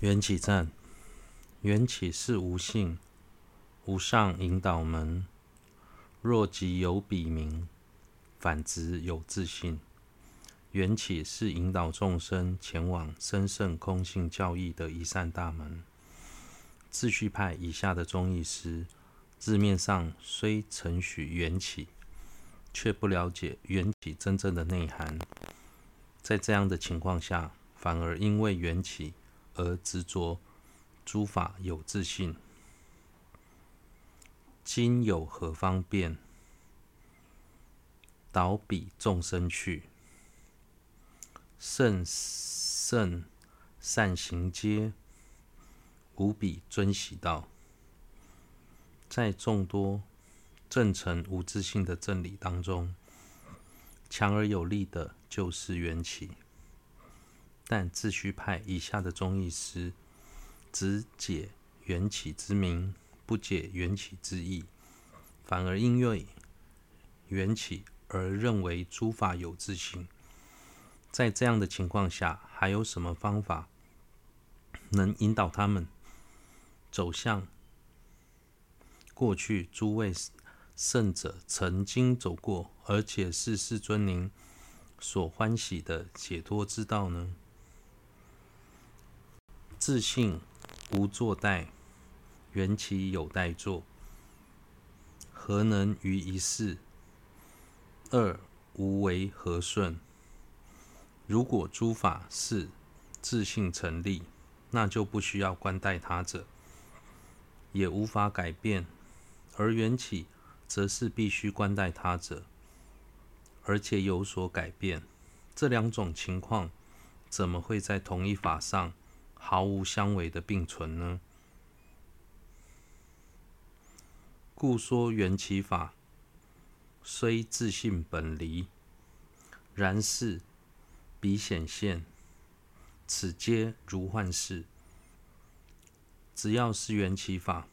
緣起讚，緣起是無性，無上引導門。若即由彼名，反執有自性。緣起是引導眾生前往甚深空性教義的一扇大門。自續派以下的宗義師，字面上雖承許緣起，卻不了解緣起真正的內涵。在這樣的情況下，反而因為緣起，而執着諸法有自性。今有何方便，導彼眾生趣，勝聖善行階，無比尊喜道？在眾多證成無自性的正理當中，強而有力的就是緣起。但自續派以下的宗義師，只解緣起之名，不解緣起之義，反而因為緣起而認為諸法有自性。在這樣的情況下，還有什麼方法能引導他們走向過去諸位聖者曾經走過，而且是世尊您所歡喜的解脫之道呢？自性，無作待，緣起有待作，何能於一事，二無違和順？如果諸法是自性成立，那就不需要觀待他者，也無法改變；而緣起，則是必須觀待他者，而且有所改變。這兩種情況，怎麼會在同一法上，毫無相違的並存呢？故說緣起法，雖自性本離，然似彼顯現，此皆如幻事。只要是緣起法，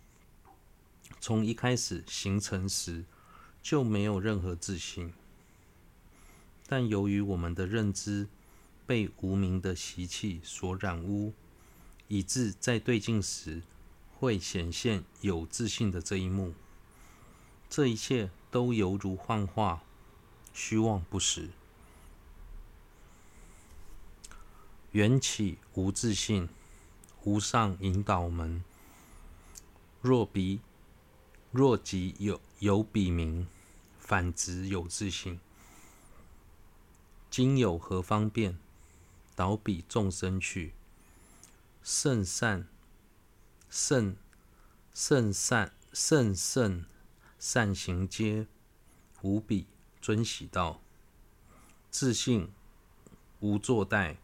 從一開始形成時就沒有任何自性。但由於我們的認知被無明的習氣所染污。以致在對境時，會顯現有自性的這一幕。這一切都猶如幻化，虛妄不實。緣起無自性，無上引導門。若彼若即由由彼名，反執有自性。今有何方便，導彼眾生趣？聖善，聖聖善，聖聖善行階無比尊喜道。自性無作待，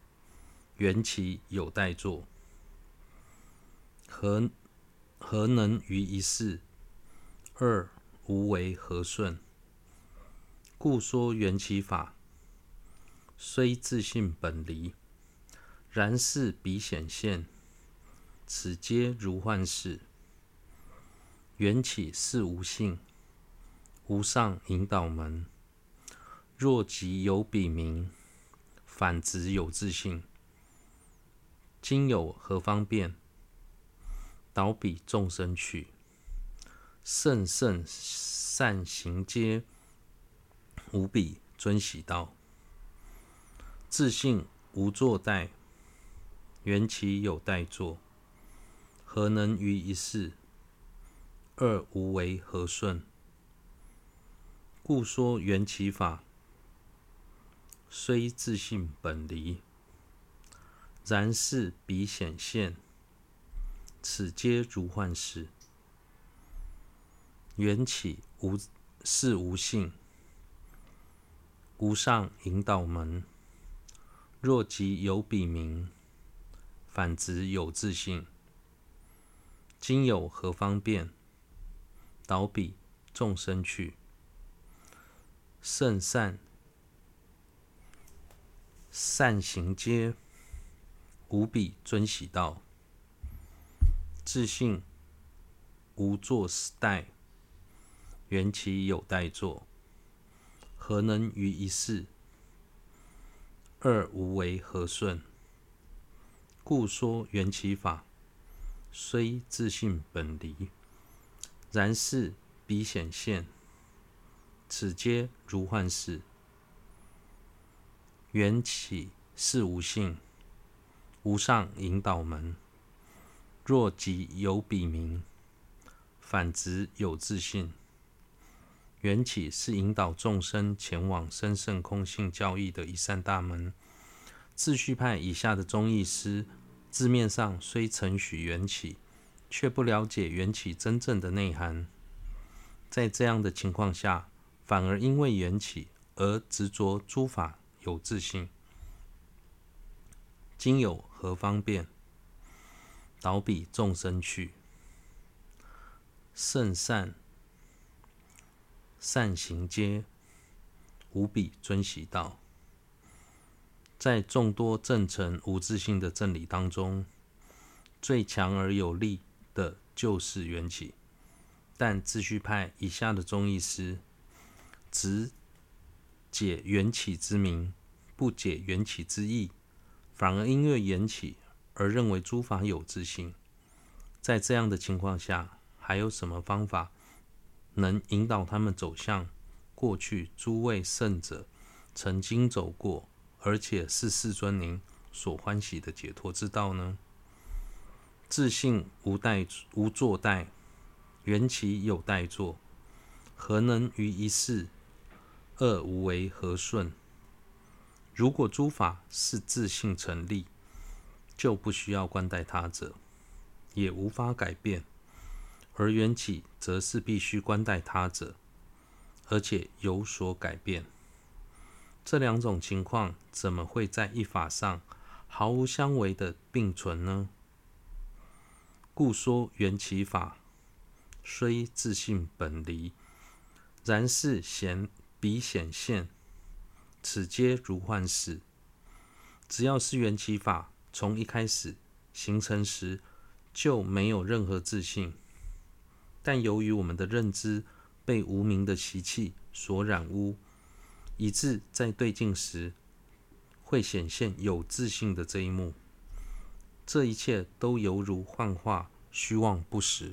緣起有待作，何何能於一事？二無違和順，故說緣起法。雖自性本離，然似彼顯現。此皆如幻事，緣起是無性，無上引導門。若即由彼名，反執有自性。今有何方便，導彼眾生趣？勝聖善行階，無比尊喜道，自性無作待，緣起有待作。何能於一事？二無違和順，故說緣起法。雖自性本離，然似彼顯現，此皆如幻事。緣起無是無性，無上引導門。若即由彼名，反執有自性。今有何方便導彼眾生趣？勝聖善行階無比尊喜道，自性無作待，緣起有待作，何能於一事？二無違和順？故說緣起法。雖自性本離，然似彼顯現，此皆如幻事。緣起是無性，無上引導門。若即由彼名，反執有自性。緣起是引導眾生前往甚深空性教義的一扇大門。自續派以下的宗義師。字面上雖承許緣起，卻不了解緣起真正的內涵。在這樣的情況下，反而因為緣起而執着諸法有自性。今有何方便，導彼眾生趣，勝聖善行階，無比尊喜道。在眾多證成無自性的正理當中，最強而有力的就是緣起。但自續派以下的宗義師，只解緣起之名，不解緣起之意，反而因為緣起而認為諸法有自性。在這樣的情況下，還有什麼方法能引導他們走向過去諸位聖者曾經走過，而且是世尊您所歡喜的解脫之道呢？自性無待無作待，緣起有待作，何能於一事二無違和順？如果諸法是自性成立，就不需要觀待他者，也無法改變；而緣起則是必須觀待他者，而且有所改變。這兩種情況怎麼會在一法上毫無相違地並存呢？故說緣起法，雖自性本離，然似彼顯現，此皆如幻事。只要是緣起法，從一開始形成時就沒有任何自性，但由於我們的認知被無明的習氣所染污。以致在對境時，會顯現有自性的這一幕，這一切都猶如幻化、虛妄不實。